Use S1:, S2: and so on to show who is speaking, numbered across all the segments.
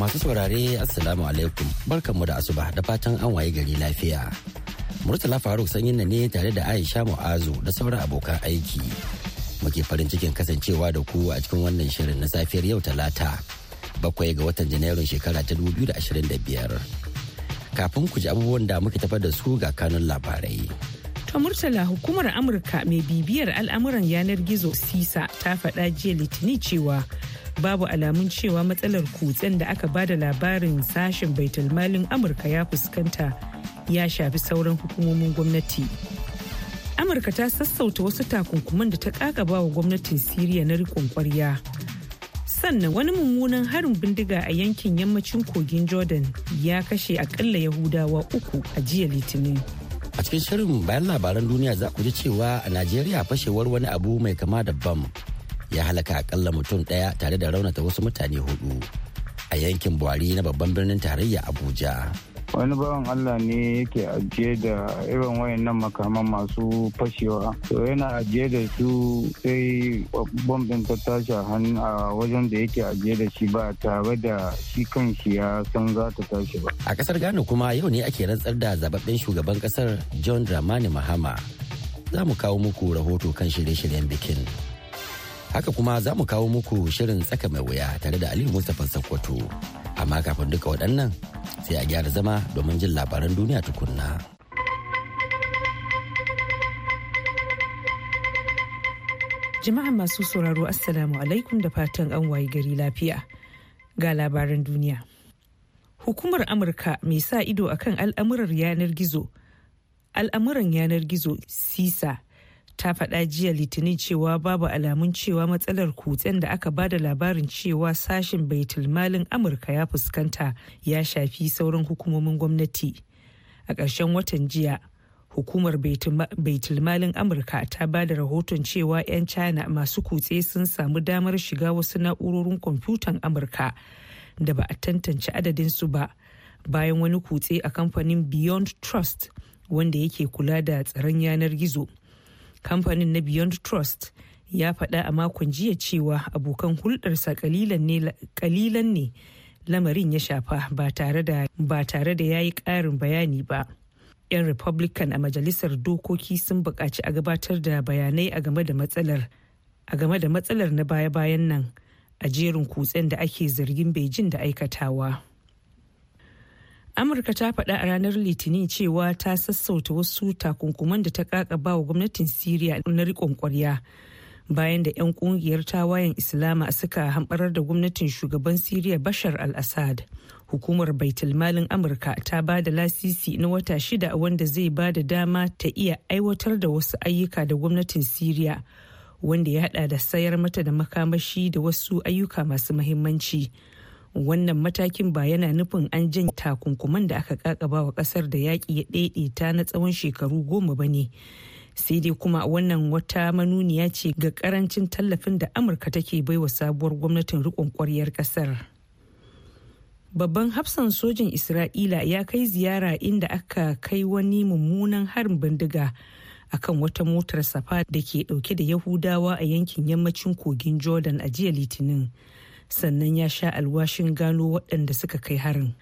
S1: Masu saurare Assalamu alaikum barkanmu da asuba da fatan an waye gari lafiya. Murtala Faruk sanyin na ne tare da Aisha Mu'azu da sauran abokan aiki. Muke farin cikin kasancewa da ku a cikin wannan shirin na safiyar yau talata bakwai ga watan Janairun shekara ta 2025. Kafin ku ji abubuwan da muke tafar da su ga kanun labarai.
S2: ta Murtala hukumar Amurka mai bibiyar al'amuran yanar gizo Sisa ta faɗa jiya Litinin cewa babu alamun cewa matsalar kutsen da aka bada labarin sashen baitalmalin amurka ya fuskanta ya shafi sauran hukumomin gwamnati amurka ta sassauta wasu takunkuman da ta kakaba wa gwamnatin siriya na rikon kwarya sannan wani mummunan harin bindiga a yankin yammacin kogin jordan ya kashe akalla yahudawa uku a jiya litinin
S1: a cikin shirin bayan labaran duniya za ku ji cewa a najeriya fashewar wani abu mai kama da bam ya halaka akalla mutum ɗaya tare da raunata wasu mutane hudu a yankin buhari na babban birnin tarayya abuja
S3: wani bawan Allah ne yake ajiye da irin wayannan makaman masu fashewa to yana ajiye da su sai bombin ta tashi a wajen da yake ajiye da shi ba tare da shi kan shi ya san za ta tashi ba
S1: a kasar Ghana kuma yau ne ake rantsar da zababben shugaban kasar John Dramani Mahama za mu kawo muku rahoto kan shirye-shiryen bikin haka kuma za mu kawo muku shirin tsaka mai wuya tare da aliyu mustapha sakkwato amma kafin duka waɗannan sai a gyara zama domin jin labaran duniya tukunna
S2: jama'a masu sauraro assalamu alaikum da fatan an wayi gari lafiya ga labaran duniya hukumar amurka mai sa ido akan al'amuran yanar gizo al'amuran yanar gizo sisa ta faɗa jiya litinin cewa babu alamun cewa matsalar kutsen da aka bada labarin cewa sashen baitulmalin amurka ya fuskanta ya shafi sauran hukumomin gwamnati a ƙarshen watan jiya hukumar baitulmalin amurka ta ba da rahoton cewa 'yan china masu kutse sun samu damar shiga wasu na'urorin kwamfutan amurka da ba a tantance adadinsu ba bayan wani kutse a kamfanin beyond trust wanda yake kula da tsaron yanar gizo kamfanin na beyond trust ya faɗa a makon jiya cewa abokan hulɗarsa kalilan ne lamarin ya shafa ba tare da ya yi ƙarin bayani ba. 'yan republican a majalisar dokoki sun buƙaci a gabatar da bayanai a game da matsalar a game da matsalar na baya-bayan nan a jerin kutsen da ake zargin beijing da aikatawa. amurka ta faɗa a ranar litinin cewa ta sassauta wasu takunkuman da ta kakaba wa gwamnatin siriya na riƙon ƙwarya bayan da 'yan ƙungiyar tawayen islama suka hamɓarar da gwamnatin shugaban siriya bashar al-assad hukumar baitulmalin amurka ta ba da lasisi na wata shida wanda zai ba da dama ta iya aiwatar da wasu ayyuka da gwamnatin siriya wanda ya haɗa da sayar mata da makamashi da wasu ayyuka masu mahimmanci. wannan matakin ba yana nufin an janye takunkuman da aka kakaba wa kasar da yaƙi ya ɗaiɗaita na tsawon shekaru goma ba ne sai dai kuma wannan wata manuniya ce ga karancin tallafin da amurka take baiwa sabuwar gwamnatin riƙon ƙwaryar ƙasar babban hafsan sojin isra'ila ya kai ziyara inda aka kai wani mummunan harin bindiga akan wata motar safa da ke dauke da yahudawa a yankin yammacin kogin jordan a jiya litinin sannan ya sha alwashin gano waɗanda suka kai harin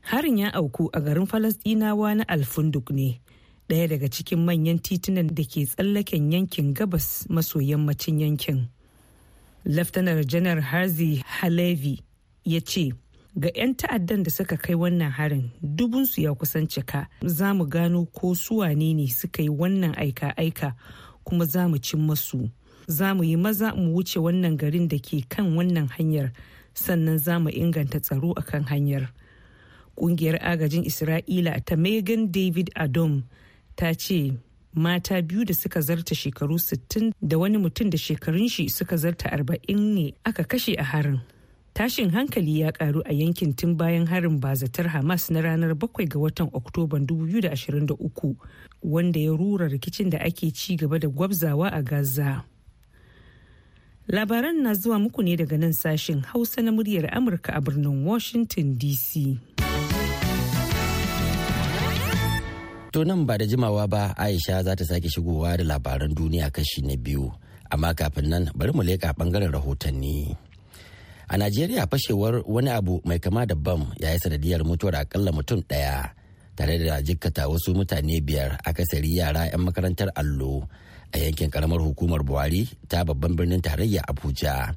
S2: harin ya auku a garin falasɗinawa na alfunduk ne ɗaya daga cikin manyan titunan da ke tsallaken yankin gabas maso yammacin yankin laftanar janar harzi halevi ya ce ga 'yan ta'addan da suka kai wannan harin dubunsu ya kusan cika za mu gano ko su wane ne suka yi wannan aika-aika kuma za mu cin masu za mu yi maza mu wuce wannan garin da ke kan wannan hanyar sannan za mu inganta tsaro a kan hanyar ƙungiyar agajin isra'ila ta megan david adom ta ce mata biyu da suka zarta shekaru 60 da wani mutum da shekarun shi suka zarta 40 ne aka kashe a harin tashin hankali ya karu a yankin tun bayan harin bazatar hamas na ranar 7 ga watan oktoban 2023 wanda ya rura rikicin da ake ci gaba da gwabzawa a gaza Labaran na zuwa muku ne daga nan sashen Hausa na muryar Amurka a birnin Washington DC.
S1: To nan ba da jimawa ba Aisha za ta sake shigowa da labaran duniya kashi na biyu, amma kafin nan bari mu leƙa ɓangaren rahotanni. A Najeriya fashewar wani abu mai kama da bam ya yi sanadiyar mutuwar akalla mutum ɗaya tare da jikkata wasu mutane biyar a kasari yara 'yan makarantar allo a yankin karamar hukumar buhari ta babban birnin tarayya abuja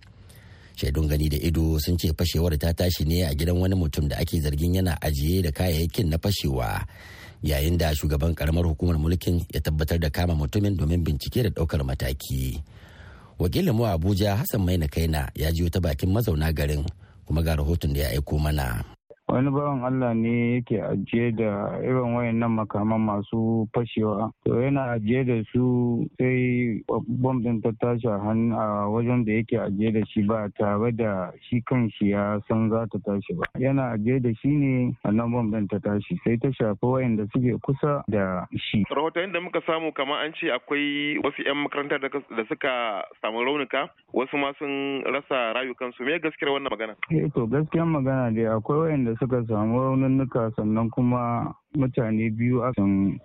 S1: shaidun gani da ido sun ce fashewar ta tashi ne a gidan wani mutum da ake zargin yana ajiye da kayayyakin na fashewa yayin da shugaban karamar hukumar mulkin ya tabbatar da kama mutumin domin bincike da ɗaukar mataki wakilin mu abuja hassan mai na kaina ya jiyo ta bakin mazauna garin kuma ga rahoton da ya aiko mana
S3: wani bawan Allah ne yake ajiye da irin wayannan makaman masu fashewa to yana ajiye da su sai bom din ta tashi a wajen da yake ajiye da shi ba tare da shi kan shi ya san za ta tashi ba yana ajiye da shi ne a nan bom din ta tashi sai ta shafi wayanda suke kusa da shi
S4: Rahoton da muka samu kamar an ce akwai wasu 'yan makarantar da suka samu raunuka wasu ma sun rasa rayukansu me gaskiyar wannan magana
S3: eh to gaskiyar magana dai akwai wayanda suka samu raunuka sannan kuma mutane biyu a can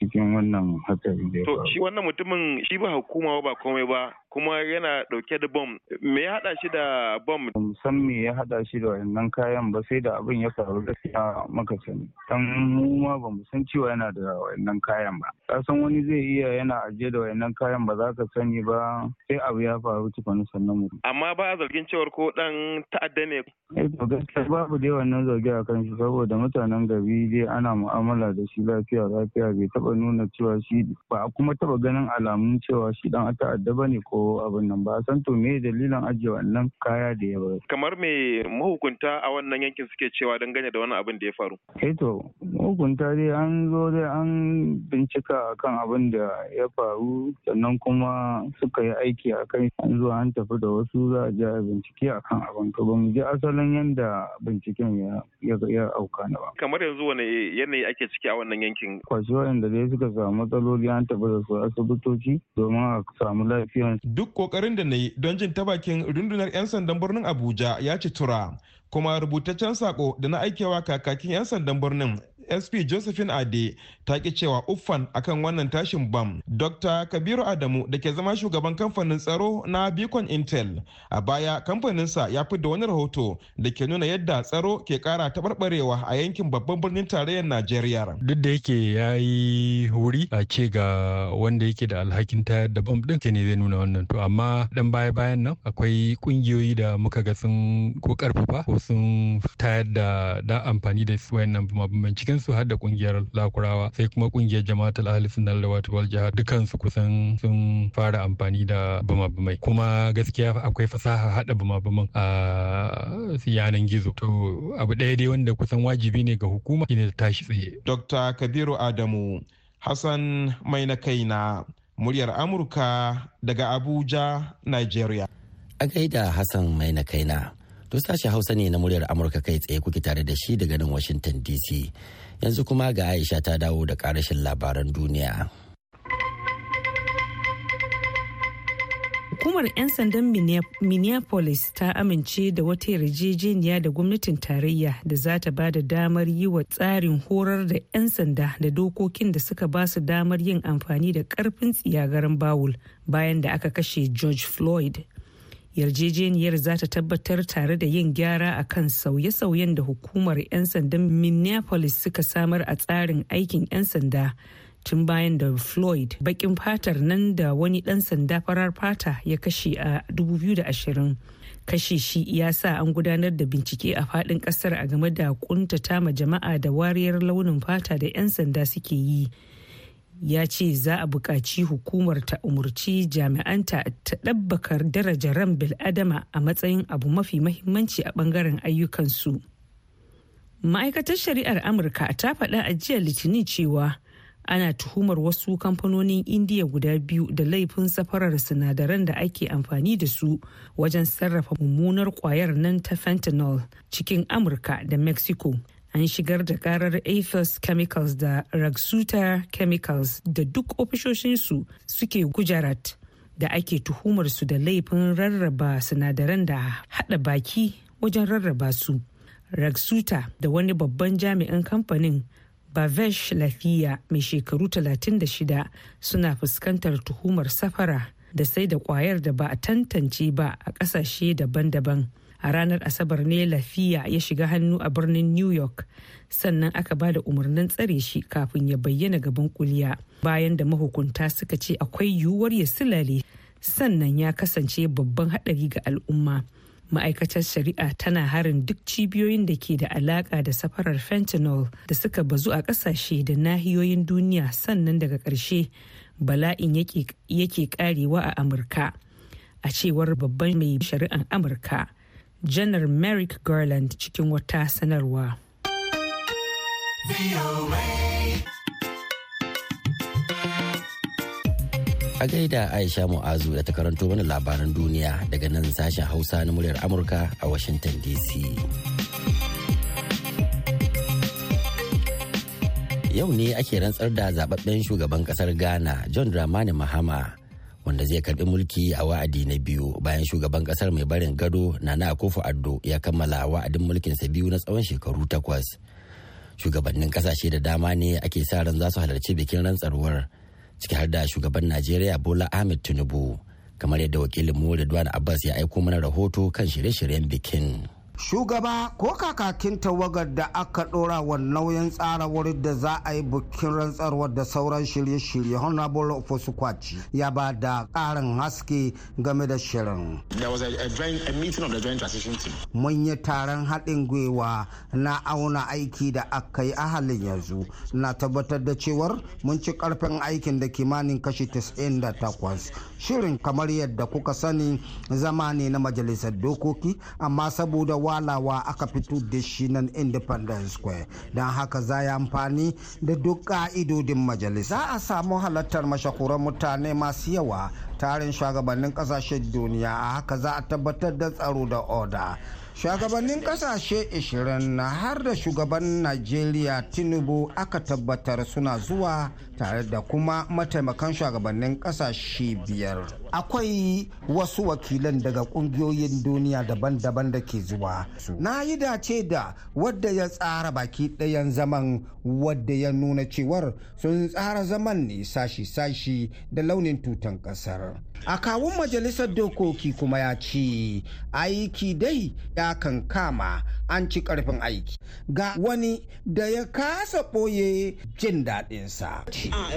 S3: cikin wannan hatsari da ya
S4: To shi wannan mutumin shi ba hukuma ba komai ba kuma yana dauke da bom me ya hada shi da bom
S3: san me ya hada shi da wannan kayan ba sai da abin ya faru gaskiya maka sani dan mu ma ba mu san cewa yana da wannan kayan ba ka san wani zai iya yana ajiye da wannan kayan ba za ka sani ba sai abu ya faru tukuna sannan mu
S4: amma ba a zargin cewar ko dan ta'adda ne
S3: eh to gaskiya babu dai wannan zargi a kan shi saboda mutanen gari dai ana mu'amala da shi lafiya lafiya bai taba nuna cewa shi ba kuma taba ganin alamun cewa shi dan ta'adda bane ko ko abin nan ba san to me dalilan ajiye wannan kaya da ya bari.
S4: kamar me mahukunta a wannan yankin suke cewa dangane da wannan abin da ya faru
S3: eh to mahukunta dai an zo dai an bincika akan abin da ya faru sannan kuma suka yi aiki akan an zo an tafi da wasu za a je a bincike abin to ba mu ji asalin yadda binciken ya auka na ba
S4: kamar yanzu wani yanayi ake ciki a wannan yankin
S3: kwashi waɗanda dai suka samu matsaloli an tafi da su asibitoci domin a samu lafiyar duk
S4: kokarin da na yi don jin ta bakin rundunar 'yan sandan birnin abuja ya ci tura kuma rubutaccen sako da na aikewa kakakin 'yan sandan birnin sp josephine ade ta ki cewa uffan akan wannan tashin bam dr kabiru adamu da ke zama shugaban kamfanin tsaro na beacon intel a baya kamfaninsa ya fi da wani rahoto da ke nuna yadda tsaro ke kara tabarbarewa a yankin babban birnin tarayyar najeriya
S5: duk da yake ya yi wuri a ce ga wanda yake da alhakin tayar da bam ɗin ne zai nuna wannan to amma dan baya bayan nan akwai kungiyoyi da muka ga sun ko karfafa ko sun tayar da da amfani da su wayannan binciken cikin su har da kungiyar lakurawa sai kuma kungiyar jama'atul ahli sunnah wato wal jihad dukansu su kusan sun fara amfani da bumabumai kuma gaskiya akwai fasaha hada bumabuman a yanan gizo to abu ɗaya dai wanda kusan wajibi ne ga hukuma shine ta tashi tsaye
S4: dr kabiru adamu hassan mai na kaina muryar amurka daga abuja
S1: nigeria a gaida hassan mai na kaina to sashi hausa ne na muryar amurka kai tsaye kuke tare da shi daga nan washington dc yanzu kuma ga aisha ta dawo da karashin labaran duniya
S2: hukumar 'yan sandan minneapolis ta amince da wata yarjejeniya da gwamnatin tarayya da za ta ba da damar yi wa tsarin horar da 'yan sanda da dokokin da suka ba su damar yin amfani da karfin tsiyagarin bawul bayan da aka kashe george floyd yarjejeniyar za ta tabbatar tare da yin gyara a kan sauye-sauyen da hukumar 'yan sandan minneapolis suka samar a tsarin aikin 'yan sanda tun bayan da floyd bakin fatar nan da wani dan sanda farar fata ya kashe a 2020 kashe shi ya sa an gudanar da bincike a fadin kasar a game da kuntata ma jama'a da wariyar launin fata da 'yan sanda suke yi ya ce za a buƙaci hukumar ta umarci jami'anta ta ɗabbakar daraja ran bil'adama a matsayin abu mafi mahimmanci a ɓangaren ayyukansu. Ma'aikatar shari'ar Amurka ta faɗa a jiya Litinin cewa ana tuhumar wasu kamfanonin indiya guda biyu da laifin safarar sinadaran da ake amfani da su wajen sarrafa mummunar kwayar nan ta fentanyl cikin amurka da mexico an shigar da karar aphis chemicals da ragsuta chemicals da duk ofishoshinsu suke gujarat da ake tuhumarsu da laifin rarraba sinadaran da hada baki wajen rarraba su ragsuta da wani babban jami'in kamfanin bavesh lafiya mai shekaru 36 suna fuskantar tuhumar safara da sai da kwayar da ba a tantance ba a kasashe daban-daban a ranar asabar ne lafiya ya shiga hannu a birnin new york sannan aka ba da umarnin tsare shi kafin ya bayyana gaban kuliya bayan da mahukunta suka ce akwai yiwuwar ya silale sannan ya kasance babban haɗari ga al'umma ma'aikatar shari'a tana harin duk cibiyoyin da ke da alaka da safarar fentanyl da suka bazu a kasashe da nahiyoyin duniya sannan daga ƙarshe bala'in yake karewa a amurka a cewar babban mai shari'ar amurka janar merrick garland cikin wata sanarwa
S1: a gaida aisha mu'azu da ta karanto mana labaran duniya daga nan sashen hausa na muryar amurka a washington dc yau ne ake rantsar da zababben shugaban kasar ghana john dramani mahama wanda zai karbi mulki a wa'adi na biyu bayan shugaban kasar mai barin gado nana akufo addo ya kammala wa'adin mulkin sa biyu na tsawon shekaru takwas shugabannin kasashe da dama ne ake sa ran za su halarci bikin rantsarwar ciki har da shugaban najeriya bola ahmed tinubu kamar yadda wakilin mu da abbas ya aiko mana rahoto kan shirye-shiryen bikin. shugaba ko kakakin
S6: tawagar da aka dora wa nauyin tsara wurin da za a yi bikin rantsarwar da sauran shirye-shirye honorable fosu ya ba da karin haske game da shirin mun yi taron haɗin gwiwa na auna aiki da aka yi a halin yanzu na tabbatar da cewar mun ci karfin aikin da kimanin kashi 98 shirin kamar yadda kuka sani zama ne na majalisar dokoki amma saboda walawa aka fito da shi nan independence square don haka za yi amfani da duk ka'idodin majalisa za a samu halartar mashakuran mutane masu yawa tarin shugabannin kasashen duniya a haka za a tabbatar da tsaro da oda shugabannin kasashe 20 har da shugaban najeriya tinubu aka tabbatar suna zuwa tare da kuma mataimakan shugabannin kasashe biyar akwai wasu wakilan daga kungiyoyin duniya daban-daban da ke zuwa na yi dace da wadda ya tsara baki ɗayan zaman wadda ya nuna cewar sun tsara zaman ne sashi-sashi da launin tutan ƙasar a kawun majalisar dokoki kuma ya ce aiki dai ya kan kama an ci ƙarfin aiki ga wani da ya kasa ɓoye jin daɗinsa
S7: Ah,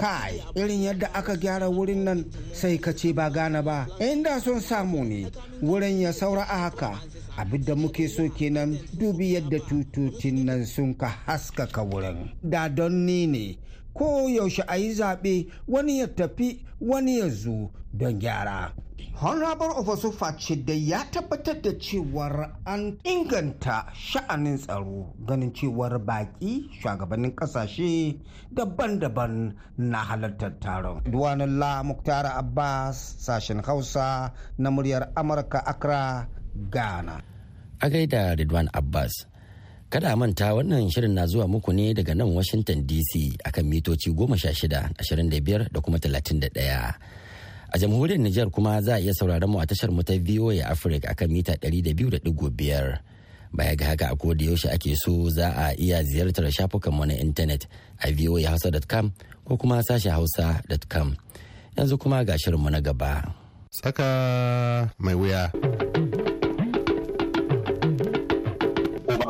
S7: kai
S6: irin yadda aka gyara wurin nan sai ka ce ba gana ba inda son samu ne wurin ya saura a haka abin da muke so kenan dubi yadda tutotin nan sun ka haskaka wurin da don ni ne ko yaushe a yi zaɓe wani ya tafi wani ya zo don gyara honorable officer da ya tabbatar da cewar an inganta sha'anin tsaro ganin cewar baki shugabannin kasashe daban-daban na halartar taron. la muktara Abbas sashen Hausa na muryar Amurka
S1: Accra, Ghana. A gaida Ridwan Abbas. Kada manta wannan shirin na zuwa muku ne daga nan Washington DC akan mitoci 16, 25 da kuma 31. A jamhuriyar Nijar kuma za a iya sauraron mu a tashar mu ta VOA Africa akan mita 200.5. Baya ga haka a koda yaushe ake so za a iya ziyartar shafukan mu na intanet a voahausa.com ko kuma sashe hausa.com. Yanzu kuma ga mu na gaba. Saka mai wuya.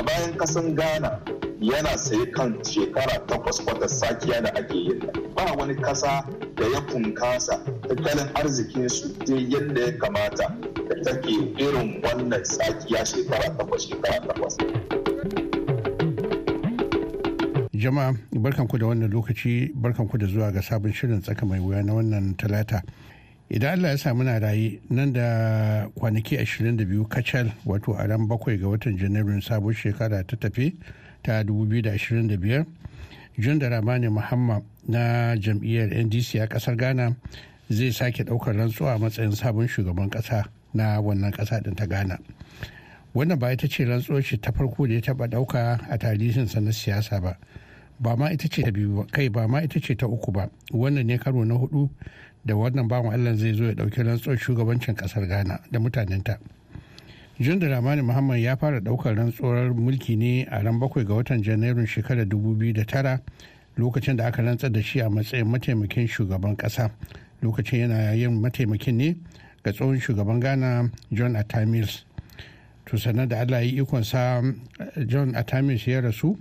S8: bayan kasan Ghana yana sayi kan shekara takwas kwata sakiya da ake yin ba wani kasa da ya kunkasa tattalin su zai yadda ya kamata da take irin wannan tsakiya shekara takwas shekara takwas.
S9: jama'a barkanku da wannan lokaci barkanku da zuwa ga sabon shirin tsaka mai wuya na wannan talata idan allah ya samu na rayu nan da kwanaki 22 kacal wato a ran bakwai ga watan janairun sabon shekara ta tafi ta 2025 john ramani muhamma na jam'iyyar ndc a kasar ghana zai sake daukar rantsuwa a matsayin sabon shugaban kasa na wannan kasa din ta ghana wannan ba ita ce rantsuwar shi ta farko da ya taba dauka a tarihinsa na siyasa ba ba ma ita ce ta biyu kai ba ma ita ce ta uku ba wannan ne karo na hudu da wannan bawan allah zai zo ya dauki rantsuwar shugabancin kasar ghana da mutanenta. jun da ramani muhammad ya fara daukar rantsuwar mulki ne a ran bakwai ga watan janairun shekarar 2009 lokacin da aka rantsar da shi a matsayin mataimakin shugaban kasa lokacin yana yin mataimakin ne ga tsohon shugaban ghana john atamils to sannan da allah yi ikonsa john atamis ya rasu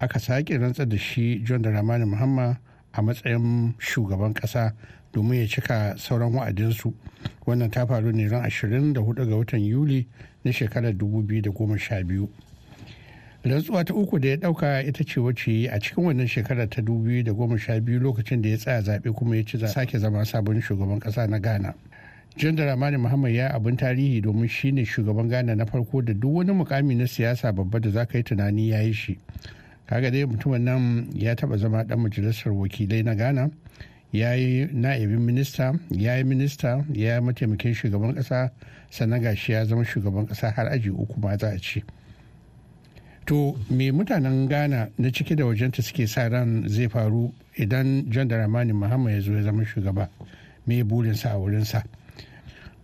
S9: aka sake rantsar da shi john da ramani muhammad a matsayin shugaban kasa domin ya cika sauran wa'adinsu wannan ta faru ne ran 24 ga watan yuli na shekarar 2012 rantsuwa ta uku da ya dauka ita ce wacce a cikin wannan shekarar ta 2012 lokacin da ya tsaya zaɓe kuma ya ci sake zama sabon shugaban ƙasa na ghana jan ramani muhammad ya abin tarihi domin shi ne shugaban ghana na farko da duk wani mukami na siyasa babba da za ka yi tunani ya yi shi kaga dai mutumin nan ya taba zama dan majalisar wakilai na ghana ya yi na'ibin minista ya yi minista ya yi mataimakin shugaban kasa sannan gashi ya zama shugaban kasa har aji uku ma za a ce to me mutanen ghana na ciki da wajenta suke sa ran zai faru idan john dramani muhammad ya zo ya zama shugaba me burinsa a wurinsa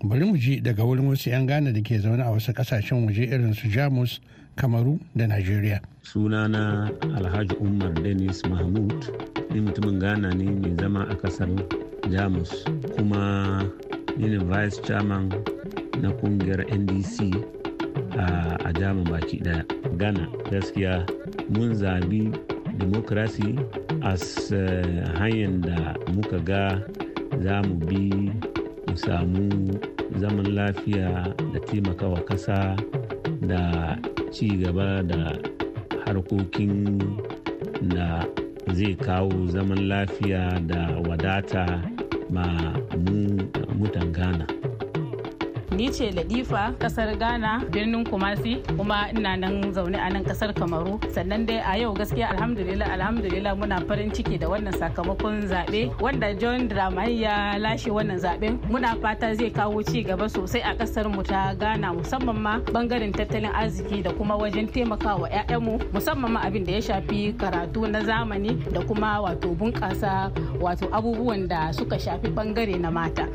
S9: bari mu ji daga wurin wasu 'yan ghana da ke zaune a wasu kasashen waje irin su jamus kamaru da najeriya
S7: sunana alhaji umar denis mahmud ni mutumin ghana ne mai zama a kasar jamus kuma ni ne vice chairman na kungiyar ndc a jaman baki daya ghana gaskiya mun zabi demokrasi as eh, hanyar da muka ga za mu bi mu samu zaman lafiya da taimakawa kasa da ci gaba da harkokin da zai kawo zaman lafiya da wadata ma mu mutan ghana
S6: Ni ce Ladifa kasar Ghana birnin Kumasi kuma ina nan zaune a nan kasar Kamaru. Sannan dai a yau gaskiya alhamdulillah alhamdulillah muna farin ciki da wannan sakamakon zaɓe wanda John Dramani ya lashe wannan zaɓen. Muna fata zai kawo ci gaba sosai a kasar mu ta Ghana musamman ma bangaren tattalin arziki da kuma wajen taimakawa mu musamman ma abin da ya shafi karatu na zamani da kuma wato bunƙasa wato abubuwan da suka shafi bangare na mata.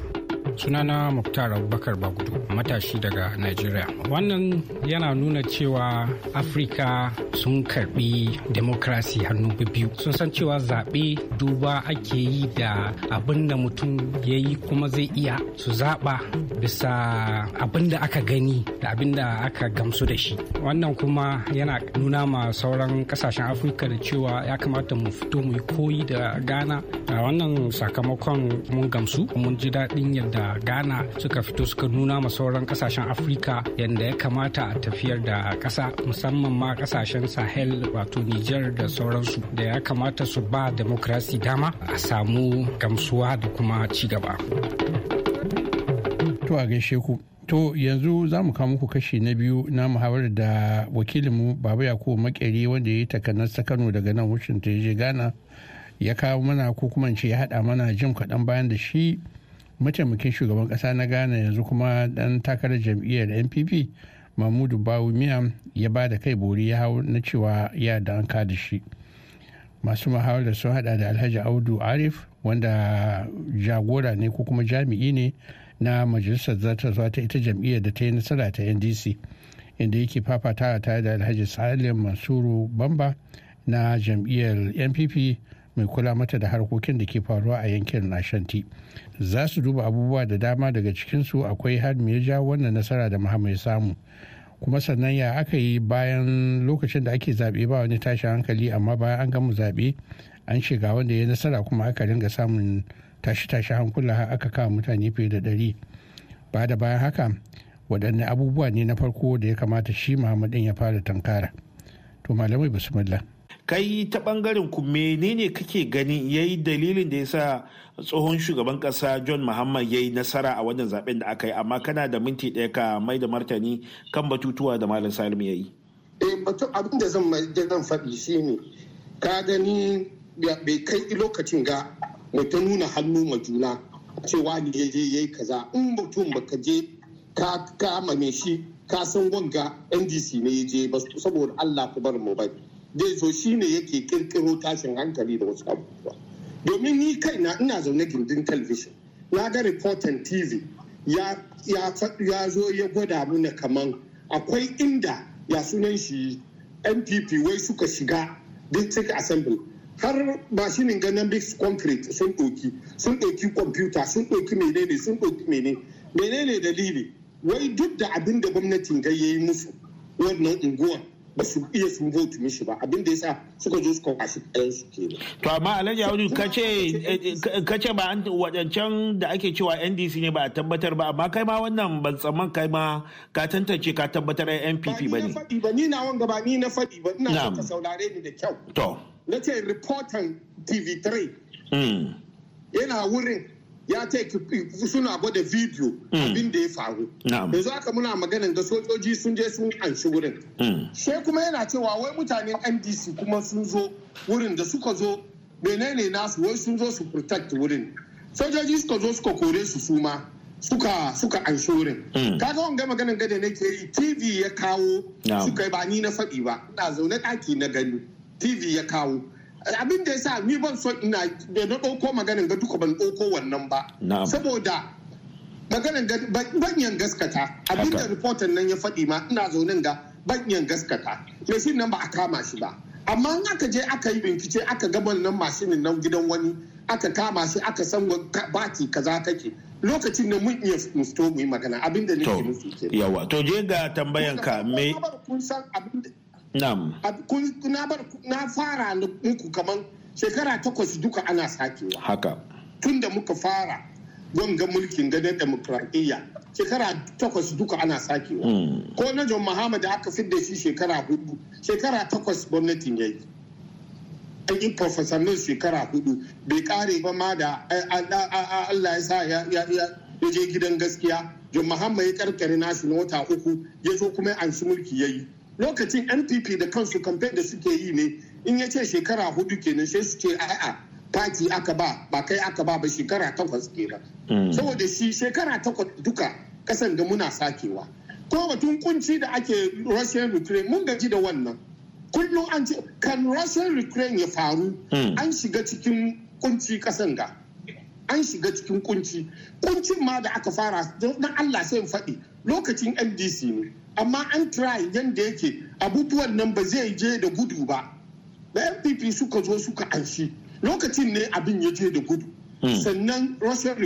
S6: sunana muktar abubakar bagudu matashi daga nigeria wannan yana nuna cewa afirka sun karbi demokrasi hannu biyu sun san cewa zaɓe duba ake yi da abin da mutum ya yi kuma zai iya su zaɓa bisa abin da aka gani da abin da aka gamsu da shi wannan kuma yana nuna ma sauran ƙasashen afirka da cewa ya kamata mu fito mu yi koyi da gana. a wannan sakamakon mun gamsu mun ji daɗin yadda da ghana suka fito suka nuna ma sauran kasashen afirka yadda ya kamata a tafiyar da kasa musamman ma kasashen sahel wato niger da sauransu da ya kamata su ba demokrasi dama a samu gamsuwa
S9: da kuma ci gaba to a gaishe ku to yanzu za mu kawo muku kashi na biyu na muhawar da wakilinmu baba yakubu makeri wanda ya yi takanar kano daga nan washington ya je ghana ya kawo mana ko kuma ce ya haɗa mana jim kaɗan bayan da shi mataimakin shugaban kasa na ghana yanzu kuma dan takarar jam'iyyar npp mahmudu miyam ya ba da kai bori ya hau na cewa ya da an kada shi masu muhawarar sun hada da alhaji audu arif wanda jagora ne ko kuma jami'i ne na majalisar zuwa ta ita jam'iyyar da ta yi nasara ta ndc inda yake fafatawa tare da alhaji salim mansuru bamba na jam'iyyar npp mai kula mata da harkokin da ke faruwa a yankin Ashanti. za su duba abubuwa da dama daga cikinsu akwai har me ya ja wannan nasara da muhammad ya samu kuma sannan ya aka yi bayan lokacin da ake zaɓe ba wani tashin hankali amma bayan an gama zaɓe an shiga wanda ya nasara kuma aka ringa samun tashi-tashi hankula har aka kama mutane fiye da ɗari ba da bayan haka waɗanne abubuwa ne na farko da ya kamata shi ɗin ya fara tankara to malamai bismillah
S7: kai ta bangaren ku menene kake gani yayi dalilin da ya sa tsohon shugaban kasa john muhammad ya yi nasara a wannan zaben da aka yi amma kana da minti ɗaya ka mai da martani kan batutuwa da malam salim ya yi
S5: eh, abin da zan zan faɗi shi ne ka gani bai kai lokacin ga mu ta nuna hannu ma juna cewa ne ya je yayi kaza in mutum baka je ka kama me shi ka san wanga ndc ne ya je ba saboda allah ku bar mu ba. zai so shi ne yake kirkiro tashin hankali da wasu abubuwa domin ni kai na ina zaune gindin talabishin na ga reporting tv ya zo ya gwada mana kaman akwai inda ya sunan shi npp wai suka shiga district assembly har mashinin ganin big concrete sun ɗoki sun ɗoki kwamfuta sun ɗoki menene sun ɗoki menene menene dalili wai duk da abin da gwamnatin ga yi musu wannan unguwar ba su iya sun vote mishi ba abin da yasa
S7: suka je suka kwashi ɗayan su ke to amma alhaji audu ka ce eh, eh, ba wadancan da ake cewa ndc ne ba a tabbatar ba amma kai ma wannan ban tsamman kai ma ka tantance ka tabbatar a npp ba ne
S5: ba ni na wanga ba ni na faɗi ba ina ka saurare ni da kyau to na ce reporter tv3 hmm. yana wurin ya ce suna gwada bidiyo hmm. abin da ya faru yanzu haka muna maganin da sojoji sun je sun anshi wurin hmm. sai kuma yana cewa wai mutanen ndc kuma sun zo wurin da suka zo menene nasu wai sun zo su protect wurin sojoji suka zo suka kore su suma suka suka anshi wurin hmm. kaga wanga maganin gada nake yi tv ya kawo suka ba ni na faɗi ba ina zaune ɗaki na gani tv ya kawo abin da ya sa ni ban so ina da na ɗauko maganin ga duka ban ɗauko wannan ba saboda maganin ga banyan gaskata abin da reporter nan ya faɗi ma ina zaunin ga banyan gaskata mai nan ba a kama shi ba amma in aka je aka yi bincike aka ga wannan mashinin nan gidan wani aka kama shi aka san baki kaza kake lokacin da mun iya musto mu yi magana abin da nake
S7: ke. yawa to je ga tambayan ka me
S5: kun san abin Na fara muku kamar shekara takwas duka ana sakewa. Haka. Tun da muka fara gwanga mulkin gadon demokradiyya shekara takwas duka ana sakewa. Hmm. Ko na John Muhammad aka fidda shi shekara hudu, shekara takwas gwamnatin ya yi. an yi profesannin shekara hudu bai kare ba ma da Allah ya sa ya je gidan gaskiya John Muhammad ya karkare nasu na wata uku ya zo kuma an shi mulki ya yi lokacin npp da kansu kamfen da suke yi ne in ya ce shekara hudu kenan sai suke a'a fati aka ba ba kai aka ba ba shekara takwas kenan hmm. saboda shi shekara takwas duka kasan da muna sakewa ko batun kunci da ake russian ukraine mun gaji da wannan kullum an ce kan russian ukraine ya faru hmm. an shiga cikin kunci kasan ga an shiga cikin kunci kuncin ma da aka fara na allah sai faɗi lokacin ndc ne amma an try yadda yake abubuwan nan ba zai je da gudu ba da mpp suka zo suka anshi lokacin ne abin ya je da gudu hmm. sannan russian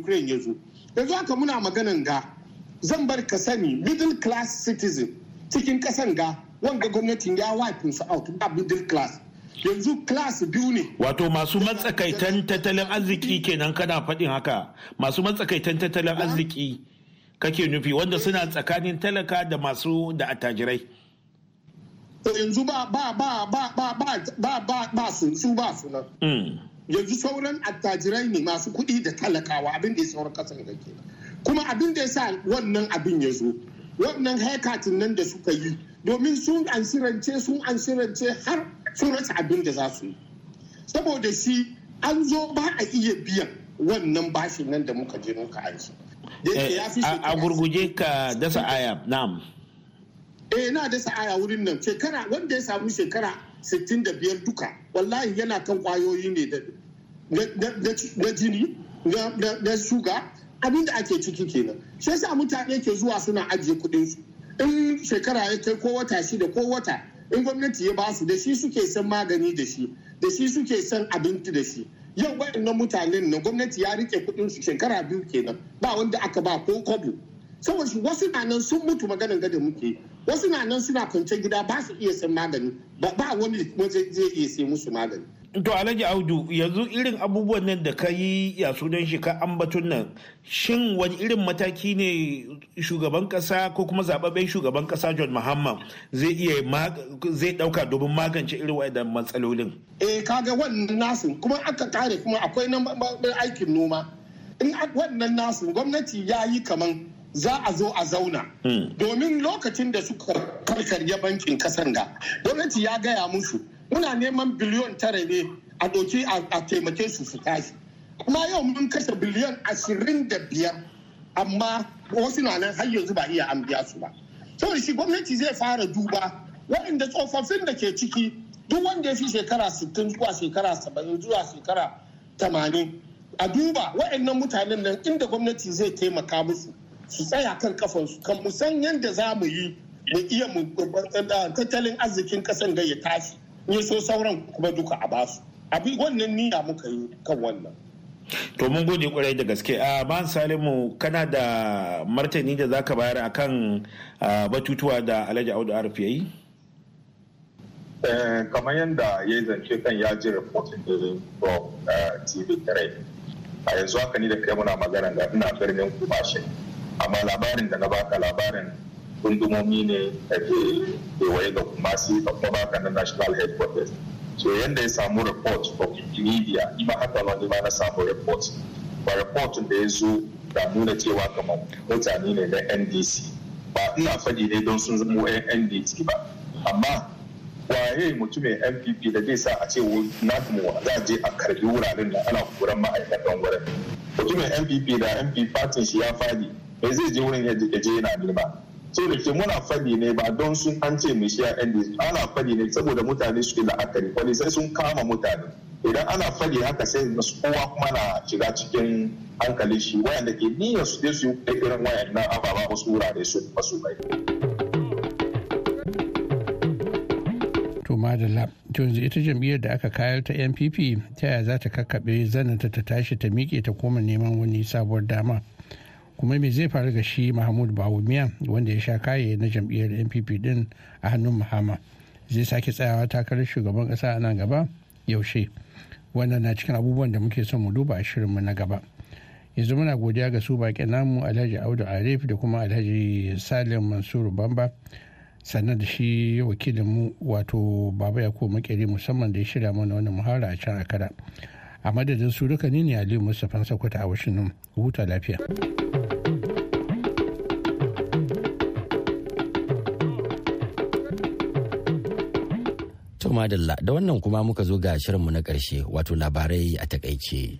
S5: ukraine ya zo yanzu haka muna maganan ga zan bar ka sani middle class citizen cikin kasan ga wanda gwamnatin ya wipe su out ba middle
S7: class yanzu class biyu ne wato masu matsakaitan tattalin arziki kenan kana faɗin haka masu matsakaitan tattalin arziki kake nufi wanda suna tsakanin talaka da masu da attajirai
S5: yanzu ba ba ba ba ba ba ba ba ba su ba su nan mm. yanzu sauran attajirai ne masu kuɗi da talakawa abin da ya sauran kasan da ke kuma abin da ya sa wannan abin ya zo wannan haikatin nan da suka yi domin sun ansirance sun ansirance har sun rasa abin da za su yi saboda shi an zo ba a iya biyan wannan bashin nan da muka je muka aiki
S7: Eh, a gurguje ka dasa aya nam
S5: eh na dasa aya wurin nan shekara wanda ya samu shekara 65 duka wallahi yana kan kwayoyi ne na jini na shuga abinda ake ciki kenan shi yasa mutane ke zuwa suna ajiye kudin su in shekara ya kai ko wata shida ko wata in gwamnati ya ba su da shi suke san magani da shi da shi suke son abinci da shi yau bayan na mutanen na gwamnati ya rike kudin su shekara biyu kenan ba wanda aka ba ko kobo saboda wasu na nan sun mutu maganin gada muke wasu na nan suna kwance gida ba su iya san magani ba wani waje
S7: zai iya sai musu magani To Alhaji Audu yanzu irin abubuwan nan da ka yi ya sunan shi ka ambatun nan shin wani irin mataki ne shugaban kasa ko kuma zababben shugaban kasa John muhammad zai iya zai dauka domin magance irin waɗannan matsalolin.
S5: Eh kaga wannan nasin kuma aka kare kuma akwai nan aikin noma. In wannan nasin gwamnati ya yi kaman za a zo a zauna. Hmm. Domin lokacin da suka karkarya bankin kasan da gwamnati ya gaya musu muna neman biliyon tara ne a doki a taimake su su tashi kuma yau mun kashe biliyon ashirin da biyar amma wasu na nan har yanzu ba iya an biya su ba to shi gwamnati zai fara duba waɗanda tsofaffin da ke ciki duk wanda ya fi shekara 60 zuwa shekara 70 zuwa shekara 80 a duba waɗannan mutanen nan inda gwamnati zai taimaka musu su tsaya kan kafansu kan musan yadda za mu yi mu iya tattalin arzikin ƙasan da ya tashi in so sauran kuma duka a basu abi wannan niyya muka yi kan wannan
S3: to mun
S7: gode kwarai da gaske a ah, ban salimu kana da martani da zaka bayar akan ah, batutuwa da alhaji audu arif ya yi eh, kamar yadda ya zance kan ya ji rahoton da from eh, tv kare a yanzu
S8: haka ni da kai muna magana ga ina birnin kumashe amma labarin da na baka labarin gundumomi ne da ke kewaye da kumasi da kuma haka na national headquarters so yadda ya samu report from media ima haka ba ne ma na samu report ba report da ya zo da nuna cewa kamar mutane ne na ndc ba ina faɗi ne don sun zama wayan ndc ba amma waye mutumin mpp da zai sa a ce na kuma za a je a karbi wuraren da ana kuran ma'aikatan wurin mutumin mpp da mp fatin shi ya fadi bai zai je wurin ya je yana nema so da ke muna fadi ne ba don sun an ce mu shiya yan ana fadi ne saboda mutane su la'akari wani sai sun kama mutane idan ana fadi haka sai masu kowa kuma na shiga cikin hankali shi wayanda ke niyyar su je su yi irin wayannan ababa wasu wurare su masu bai.
S9: madalla yanzu ita jam'iyyar da aka kayar ta npp ta yaya za ta kakkaɓe zanen ta tashi ta miƙe ta koma neman wani sabuwar dama kuma me zai faru ga shi mahmud bawumiya wanda ya sha kaye na jam'iyyar npp din a hannun muhammad zai sake tsayawa takarar shugaban kasa a nan gaba yaushe wannan na cikin abubuwan da muke son mu duba ashirin shirinmu na gaba yanzu muna godiya ga su baƙin namu alhaji audu arif da kuma alhaji salim mansuru bamba sannan da shi mu wato baba ko makeri musamman da ya shirya mana wani muhara a can a akara a madadin su duka ne ne aliyu mustapha sakwata a washington huta lafiya.
S1: da dalla da wannan kuma muka zo ga shirinmu na ƙarshe wato labarai a takaice.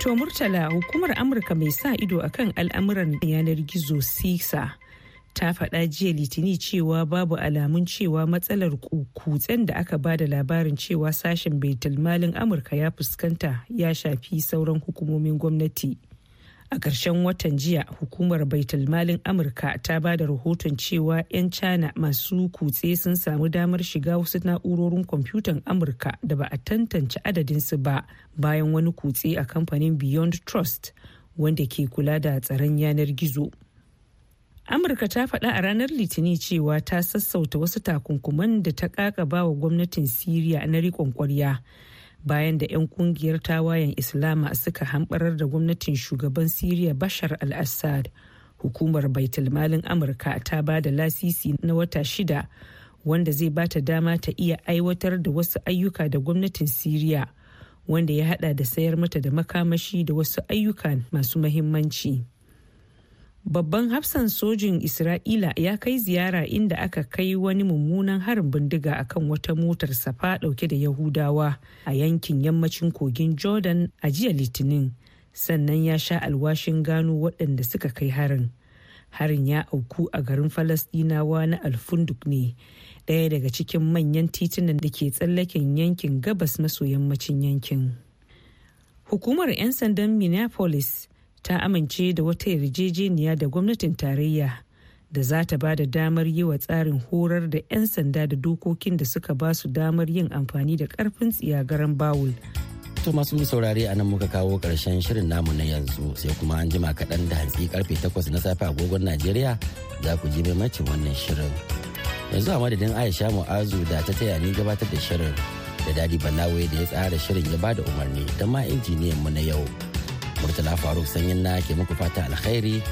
S2: To Murtala hukumar Amurka mai sa ido a kan al'amuran yanar gizo sisa ta faɗa jiya litini cewa babu alamun cewa matsalar kutsen da aka ba da labarin cewa sashen baitulmalin amurka ya fuskanta ya shafi sauran hukumomin gwamnati a ƙarshen watan jiya hukumar baitul amurka ta ba da rahoton cewa 'yan china masu kutse sun samu damar shiga wasu na'urorin kwamfutan amurka da ba a tantance adadinsu ba bayan wani kutse a kamfanin beyond trust wanda ke kula da tsaron yanar gizo amurka ta faɗa a ranar litinin cewa ta sassauta wasu takunkuman da ta ƙaƙaba wa gwamnatin siriya na riƙon ƙwarya bayan da 'yan kungiyar tawayen islama suka hamɓarar da gwamnatin shugaban siriya bashar al-assad hukumar baitulmalin amurka ta ba da lasisi na wata shida wanda zai ba ta dama ta iya aiwatar da wasu ayyuka da gwamnatin siriya wanda ya hada da sayar mata da makamashi da wasu ayyuka masu mahimmanci. babban hafsan sojin isra'ila ya kai ziyara inda aka kai wani mummunan harin bindiga a kan wata motar safa dauke da yahudawa a yankin yammacin kogin jordan a jiya litinin sannan ya sha alwashin gano waɗanda suka kai harin harin ya auku a garin falasdinawa na alfunduk ne ɗaya daga cikin manyan titunan da ke tsallaken yankin gabas maso yammacin yankin hukumar 'yan sandan minneapolis ta amince da wata yarjejeniya da gwamnatin tarayya da za ta ba da damar yi wa tsarin horar da 'yan sanda da dokokin da suka ba su damar yin amfani da karfin tsiyagaran bawul.
S1: To masu saurare a nan muka kawo karshen shirin namu na yanzu sai kuma an jima kaɗan da hantsi karfe 8 na safe agogon Najeriya za ku ji mai wannan shirin. Yanzu a madadin Aisha Mu'azu da ta taya ni gabatar da shirin da Dadi Balawe da ya tsara shirin ya ba da umarni da ma injiniyan mu na yau. Murtala Faruk sanyin na ke muku fata alkhairi.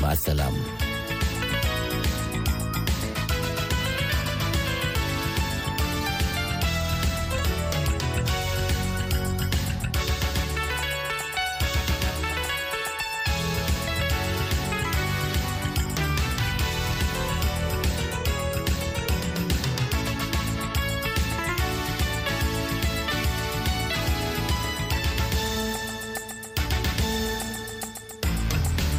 S1: Ma'asalamu.